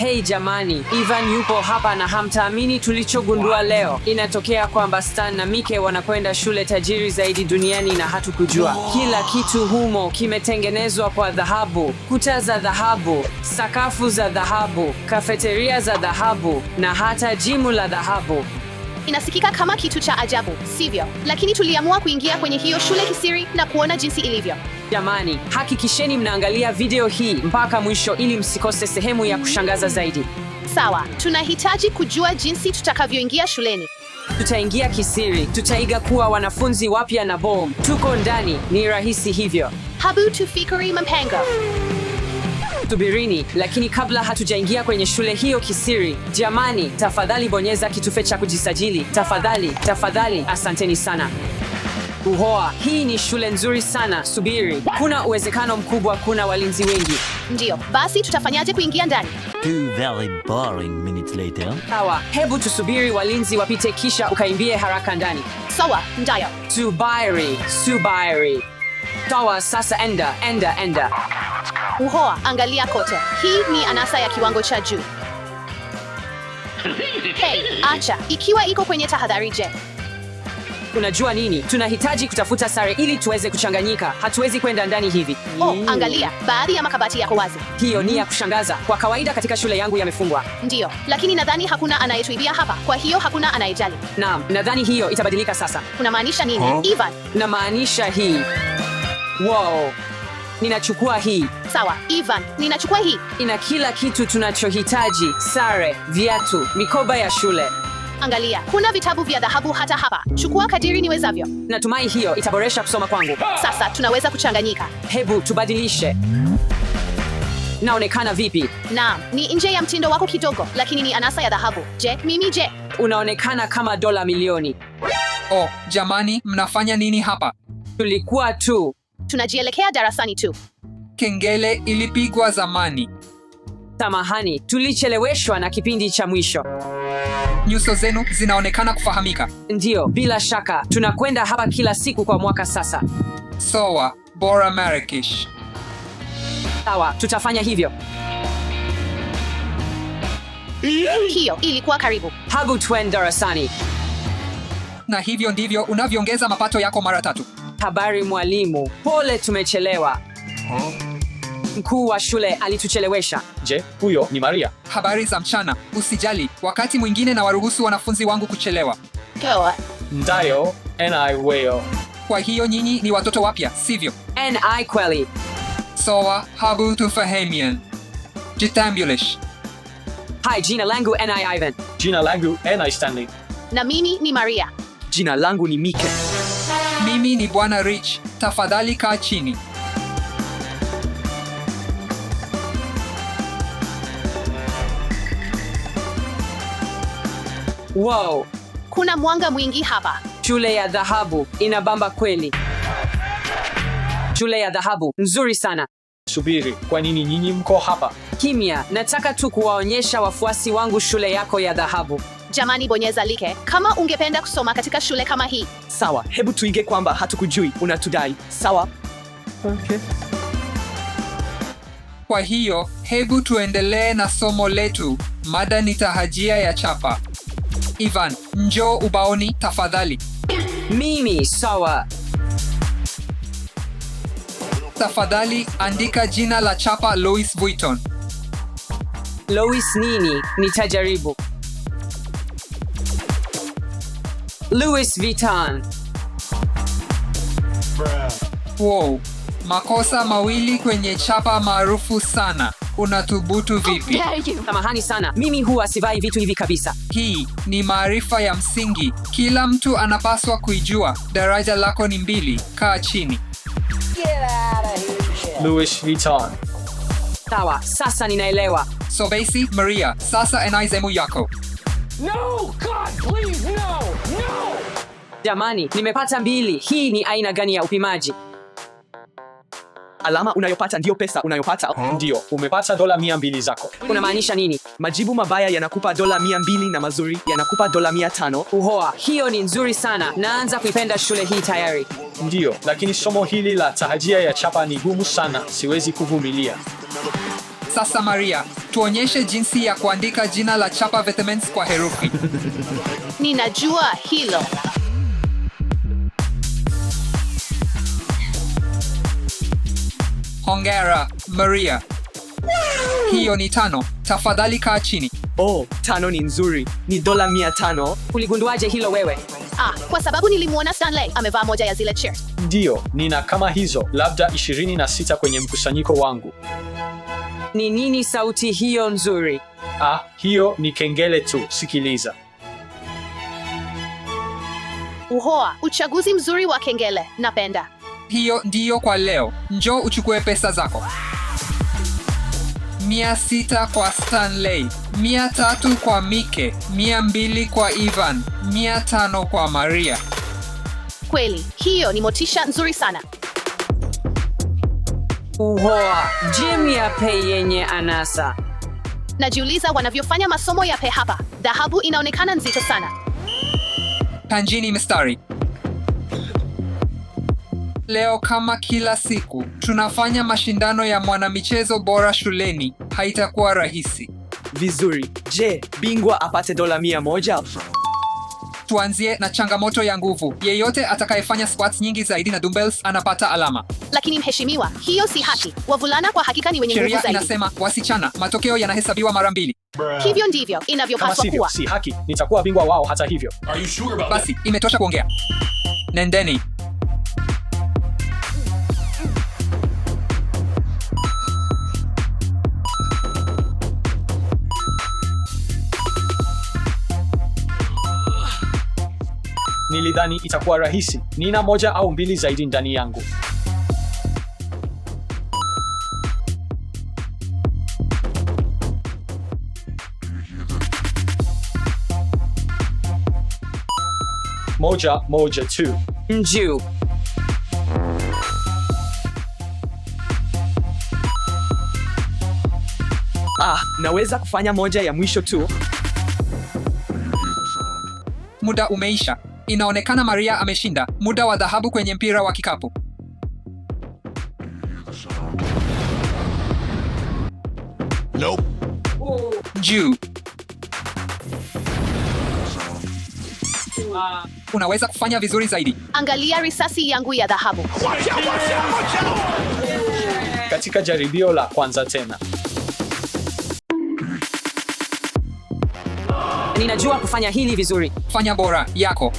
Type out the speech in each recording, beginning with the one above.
Hey jamani, Ivan yupo hapa na hamtaamini tulichogundua leo. Inatokea kwamba Stan na Mike wanakwenda shule tajiri zaidi duniani na hatukujua. Kila kitu humo kimetengenezwa kwa dhahabu, kuta za dhahabu, sakafu za dhahabu, kafeteria za dhahabu na hata jimu la dhahabu. Inasikika kama kitu cha ajabu, sivyo? Lakini tuliamua kuingia kwenye hiyo shule kisiri na kuona jinsi ilivyo. Jamani, hakikisheni mnaangalia video hii mpaka mwisho ili msikose sehemu ya kushangaza zaidi. Sawa, tunahitaji kujua jinsi tutakavyoingia shuleni. Tutaingia kisiri, tutaiga kuwa wanafunzi wapya na bom. Tuko ndani, ni rahisi hivyo. Habu tufikiri mpango tubirini, lakini kabla hatujaingia kwenye shule hiyo kisiri, jamani, tafadhali bonyeza kitufe cha kujisajili. Tafadhali, tafadhali, asanteni sana. Uhoa, hii ni shule nzuri sana. Subiri, kuna uwezekano mkubwa kuna walinzi wengi. Ndio, basi tutafanyaje kuingia ndani? Two very boring minutes later. Sawa, hebu tusubiri walinzi wapite kisha ukaimbie haraka ndani. Sawa, ndayo. Subiri, subiri. Dawa sasa, enda enda enda. Uhoa, angalia kote. Hii ni anasa ya kiwango cha juu. Hey, acha. Ikiwa iko kwenye tahadhari, je? Unajua nini? Tunahitaji kutafuta sare ili tuweze kuchanganyika. Hatuwezi kwenda ndani hivi. Oh, angalia. Baadhi ya makabati yako wazi. Hiyo ni ya kushangaza. Kwa kawaida katika shule yangu yamefungwa. Ndiyo, lakini nadhani hakuna anayetuibia hapa. Kwa hiyo hakuna anayejali. Naam, nadhani hiyo itabadilika sasa. Unamaanisha nini, huh? Ivan? Namaanisha hii. Wow, ninachukua hii. Sawa Ivan, ninachukua hii. Ina kila kitu tunachohitaji: sare, viatu, mikoba ya shule. Angalia, kuna vitabu vya dhahabu hata hapa. Chukua kadiri niwezavyo. Natumai hiyo itaboresha kusoma kwangu. Sasa tunaweza kuchanganyika. Hebu tubadilishe. Naonekana vipi? Naam, ni nje ya mtindo wako kidogo, lakini ni anasa ya dhahabu. Je, mimi je? Unaonekana kama dola milioni. Oh, jamani, mnafanya nini hapa? Tulikuwa tu Tunajielekea darasani tu. Kengele ilipigwa zamani. Samahani, tulicheleweshwa na kipindi cha mwisho. Nyuso zenu zinaonekana kufahamika. Ndiyo, bila shaka tunakwenda hapa kila siku kwa mwaka sasa. Sawa, bora Marrakesh. Sawa, tutafanya hivyo. Hiyo ilikuwa karibu. Hebu twende darasani. Na hivyo ndivyo unavyoongeza mapato yako mara tatu. Habari mwalimu, pole tumechelewa. Mkuu wa shule alituchelewesha. Je, huyo ni Maria? Habari za mchana. Usijali, wakati mwingine na waruhusu wanafunzi wangu kuchelewa. Ndiyo, ni wewe. Kwa hiyo nyinyi ni watoto wapya, sivyo? Ni kweli. Sawa, habu tufahamiane. Jitambulish. Hi, jina langu ni Ivan. Jina langu ni Stanley. Na mimi ni Maria. Jina langu ni Mike. Mimi ni Bwana Rich, tafadhali kaa chini. Wow, kuna mwanga mwingi hapa. Shule ya dhahabu inabamba kweli. Shule ya dhahabu nzuri sana. Subiri, kwa nini nyinyi mko hapa? Kimya, nataka tu kuwaonyesha wafuasi wangu shule yako ya dhahabu. Jamani, bonyeza like kama ungependa kusoma katika shule kama hii. Sawa, hebu tuige kwamba hatukujui unatudai. Sawa, okay. Kwa hiyo hebu tuendelee na somo letu. Mada ni tahajia ya chapa. Ivan, njoo ubaoni tafadhali. Mimi sawa. Tafadhali andika jina la chapa Louis Vuitton. Louis nini? Nitajaribu. Louis Vuitton. Wow, makosa mawili kwenye chapa maarufu sana. Unathubutu vipi? Samahani sana, mimi huwa sivai vitu hivi kabisa. Hii ni maarifa ya msingi, kila mtu anapaswa kuijua. Daraja lako ni mbili. Kaa chini. Louis Vuitton. Sawa, sasa ninaelewa. So basi Maria, sasa enaizemu yako. No, God, please, no. Jamani, nimepata mbili. Hii ni aina gani ya upimaji? Alama unayopata ndiyo pesa unayopata. Huh? Ndiyo, umepata dola mia mbili zako. Unamaanisha nini? Majibu mabaya yanakupa dola mia mbili na mazuri yanakupa dola mia tano. Uhoa, hiyo ni nzuri sana. Naanza kuipenda shule hii tayari. Ndiyo, lakini somo hili la tahajia ya chapa ni gumu sana, siwezi kuvumilia. Sasa Maria, tuonyeshe jinsi ya kuandika jina la chapa vitamins kwa herufi. Ninajua hilo. hongera Maria. Hiyo ni tano, tafadhali kaa chini. Oh, tano ni nzuri, ni dola mia tano. Uligunduaje hilo wewe? Ah, kwa sababu nilimwona Stanley amevaa moja ya zile shirt. Ndio, nina kama hizo labda 26 kwenye mkusanyiko wangu. Ni nini sauti hiyo nzuri? Ah, hiyo ni kengele tu, sikiliza. Uhoa, uchaguzi mzuri wa kengele, napenda. Hiyo ndiyo kwa leo, njo uchukue pesa zako. Mia sita kwa Stanley, mia tatu kwa Mike, mia mbili kwa Ivan, mia tano kwa Maria. Kweli hiyo ni motisha nzuri sana. Uhoa, jim ya Pei yenye anasa. Najiuliza wanavyofanya masomo ya pe hapa. Dhahabu inaonekana nzito sana. Panjini mstari. Leo kama kila siku, tunafanya mashindano ya mwanamichezo bora shuleni. Haitakuwa rahisi. Vizuri. Je, bingwa apate dola mia moja? Tuanzie na changamoto ya nguvu. Yeyote atakayefanya squats nyingi zaidi na dumbbells anapata alama. Lakini mheshimiwa, hiyo si haki. Wavulana kwa hakika ni wenye nguvu zaidi. inasema wasichana, matokeo yanahesabiwa mara mbili. Hivyo ndivyo inavyopaswa kuwa. Si haki, nitakuwa bingwa wao hata hivyo. Are you sure about that? Basi, imetosha kuongea. Nendeni. nilidhani itakuwa rahisi. Nina moja au mbili zaidi ndani yangu. Moja moja tu. Mju. Ah, naweza kufanya moja ya mwisho tu. Muda umeisha inaonekana Maria ameshinda muda wa dhahabu kwenye mpira wa kikapu. Nope. Juu. Uh, unaweza kufanya vizuri zaidi. Angalia risasi yangu ya dhahabu. Katika jaribio la kwanza tena. Ninajua kufanya hili vizuri. Fanya bora yako.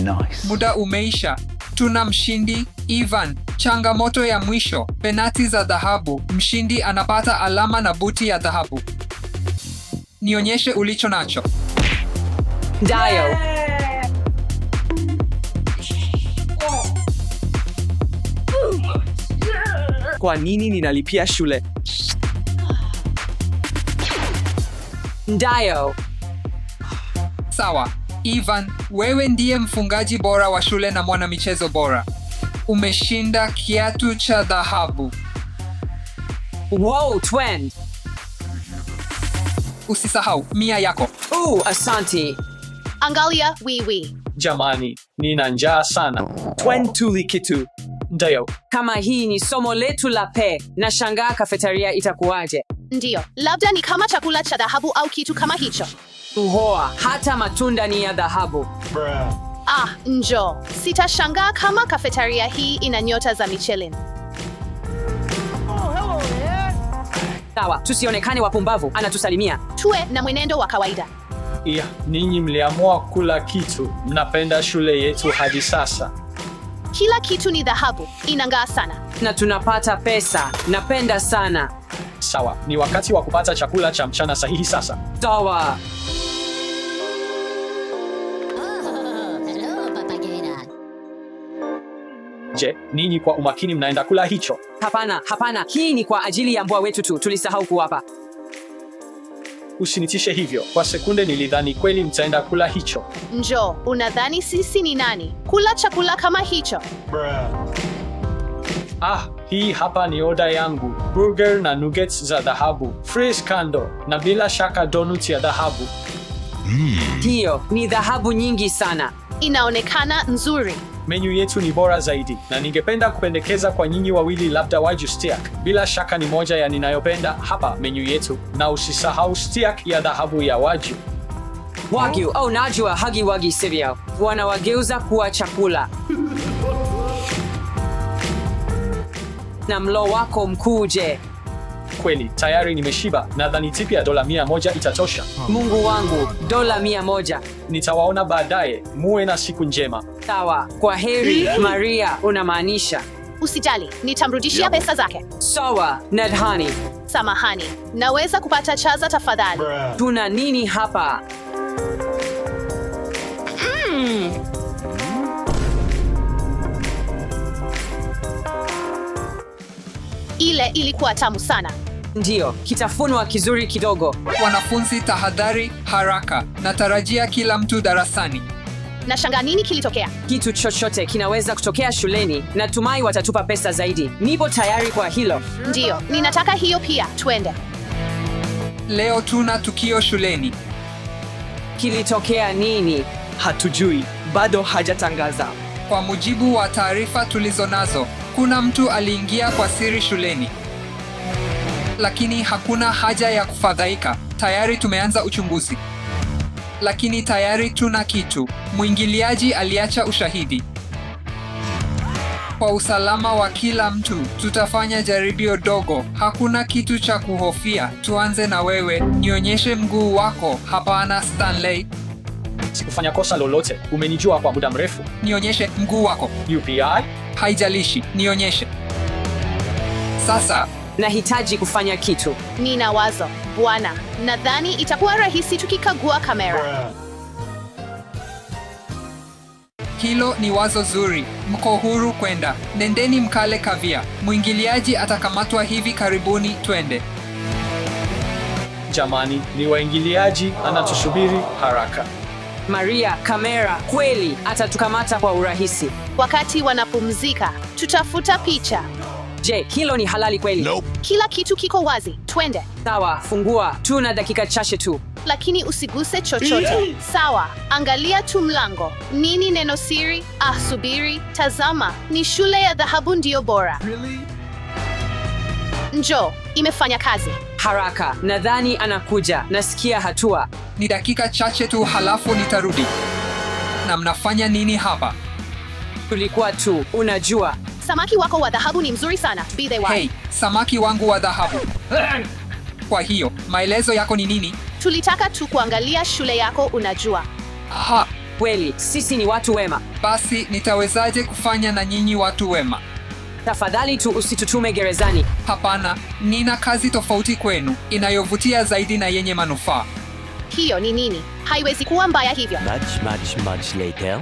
Nice. Muda umeisha, tuna mshindi Ivan. Changamoto ya mwisho, penati za dhahabu. Mshindi anapata alama na buti ya dhahabu. Nionyeshe ulicho nacho. Dayo. Kwa nini ninalipia shule? Dayo. Sawa. Ivan, wewe ndiye mfungaji bora wa shule na mwanamichezo bora. Umeshinda kiatu cha dhahabu. Wow, Usisahau mia yako. Oh, asanti. Angalia wiwi. Jamani, nina njaa sana. Twend tuli kitu. Ndio. Kama hii ni somo letu la pe, na shangaa kafetaria itakuwaje. Ndiyo, labda ni kama chakula cha dhahabu au kitu kama hicho. Uhoa, hata matunda ni ya dhahabu. Ah, njo, sitashangaa kama kafetaria hii ina nyota za Michelin. Sawa, tusionekane wapumbavu. Anatusalimia. Tuwe na mwenendo wa kawaida. Yeah, ninyi mliamua kula kitu. Mnapenda shule yetu hadi sasa. Kila kitu ni dhahabu, inang'aa sana na tunapata pesa. Napenda sana. Sawa, ni wakati wa kupata chakula cha mchana sahihi sasa. Sawa. Je, ninyi kwa umakini mnaenda kula hicho? Hapana, hapana, hii ni kwa ajili ya mbwa wetu tu, tulisahau kuwapa. Usinitishe hivyo. Kwa sekunde nilidhani kweli mtaenda kula hicho. Njo, unadhani sisi ni nani kula chakula kama hicho? Bruh. Ah, hii hapa ni oda yangu burger na nuggets za dhahabu, fries kando, na bila shaka donuts ya dhahabu. Hmm. Ndio, mm. Ni dhahabu nyingi sana, inaonekana nzuri. Menyu yetu ni bora zaidi, na ningependa kupendekeza kwa nyinyi wawili, labda waju stiak. Bila shaka ni moja ya ninayopenda hapa menyu yetu, na usisahau stiak ya dhahabu ya waju wagyu au oh, najua hagi wagi sivyo, wanawageuza kuwa chakula na mlo wako mkuje. Kweli tayari nimeshiba, nadhani tipi ya dola mia moja itatosha. Hmm. Mungu wangu, dola mia moja! Nitawaona baadaye, muwe na siku njema. Sawa, kwa heri. Maria, unamaanisha? Usijali, nitamrudishia pesa zake. Sawa. Nadhani samahani, naweza kupata chaza tafadhali? Tuna nini hapa? ilikuwa tamu sana. Ndiyo, kitafunwa kizuri kidogo. Wanafunzi, tahadhari haraka. Natarajia kila mtu darasani. Nashangaa nini kilitokea. Kitu chochote kinaweza kutokea shuleni. Natumai watatupa pesa zaidi. Nipo tayari kwa hilo. Ndiyo, ninataka hiyo pia. Twende. Leo tuna tukio shuleni. Kilitokea nini? Hatujui, bado hajatangaza. Kwa mujibu wa taarifa tulizonazo, kuna mtu aliingia kwa siri shuleni lakini hakuna haja ya kufadhaika, tayari tumeanza uchunguzi. Lakini tayari tuna kitu. Mwingiliaji aliacha ushahidi. Kwa usalama wa kila mtu, tutafanya jaribio dogo. Hakuna kitu cha kuhofia. Tuanze na wewe, nionyeshe mguu wako. Hapana, Stanley, sikufanya kosa lolote. Umenijua kwa muda mrefu. Nionyeshe mguu wako. UPI, haijalishi, nionyeshe sasa. Nahitaji kufanya kitu. Nina wazo bwana, nadhani itakuwa rahisi tukikagua kamera. Hilo ni wazo zuri. Mko huru kwenda. Nendeni mkale kavia. Mwingiliaji atakamatwa hivi karibuni. Twende jamani, ni waingiliaji anatusubiri haraka. Maria, kamera kweli atatukamata kwa urahisi. Wakati wanapumzika, tutafuta picha. Je, hilo ni halali kweli? Nope. Kila kitu kiko wazi, twende. Sawa, fungua, tu na dakika chache tu, lakini usiguse chochote. Sawa, angalia tu mlango. Nini neno siri? Ah, subiri, tazama, ni shule ya dhahabu ndiyo bora. Really? Njo, imefanya kazi haraka. Nadhani anakuja, nasikia hatua. Ni dakika chache tu, halafu nitarudi. Na mnafanya nini hapa? Tulikuwa tu, unajua Samaki wako wa dhahabu ni mzuri sana. Be the one. Hey, samaki wangu wa dhahabu. Kwa hiyo, maelezo yako ni nini? Tulitaka tu kuangalia shule yako unajua. Aha, kweli, sisi ni watu wema. Basi nitawezaje kufanya na nyinyi watu wema? Tafadhali tu usitutume gerezani. Hapana, nina kazi tofauti kwenu, inayovutia zaidi na yenye manufaa. Hiyo ni nini? Haiwezi kuwa mbaya hivyo. Much, much, much later.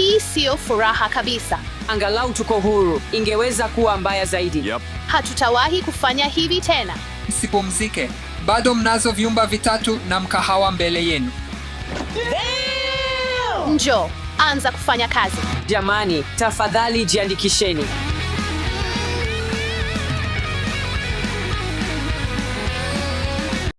Hii siyo furaha kabisa. Angalau tuko huru, ingeweza kuwa mbaya zaidi. Yep. Hatutawahi kufanya hivi tena. Msipumzike, bado mnazo vyumba vitatu na mkahawa mbele yenu. njo anza kufanya kazi. Jamani, tafadhali jiandikisheni.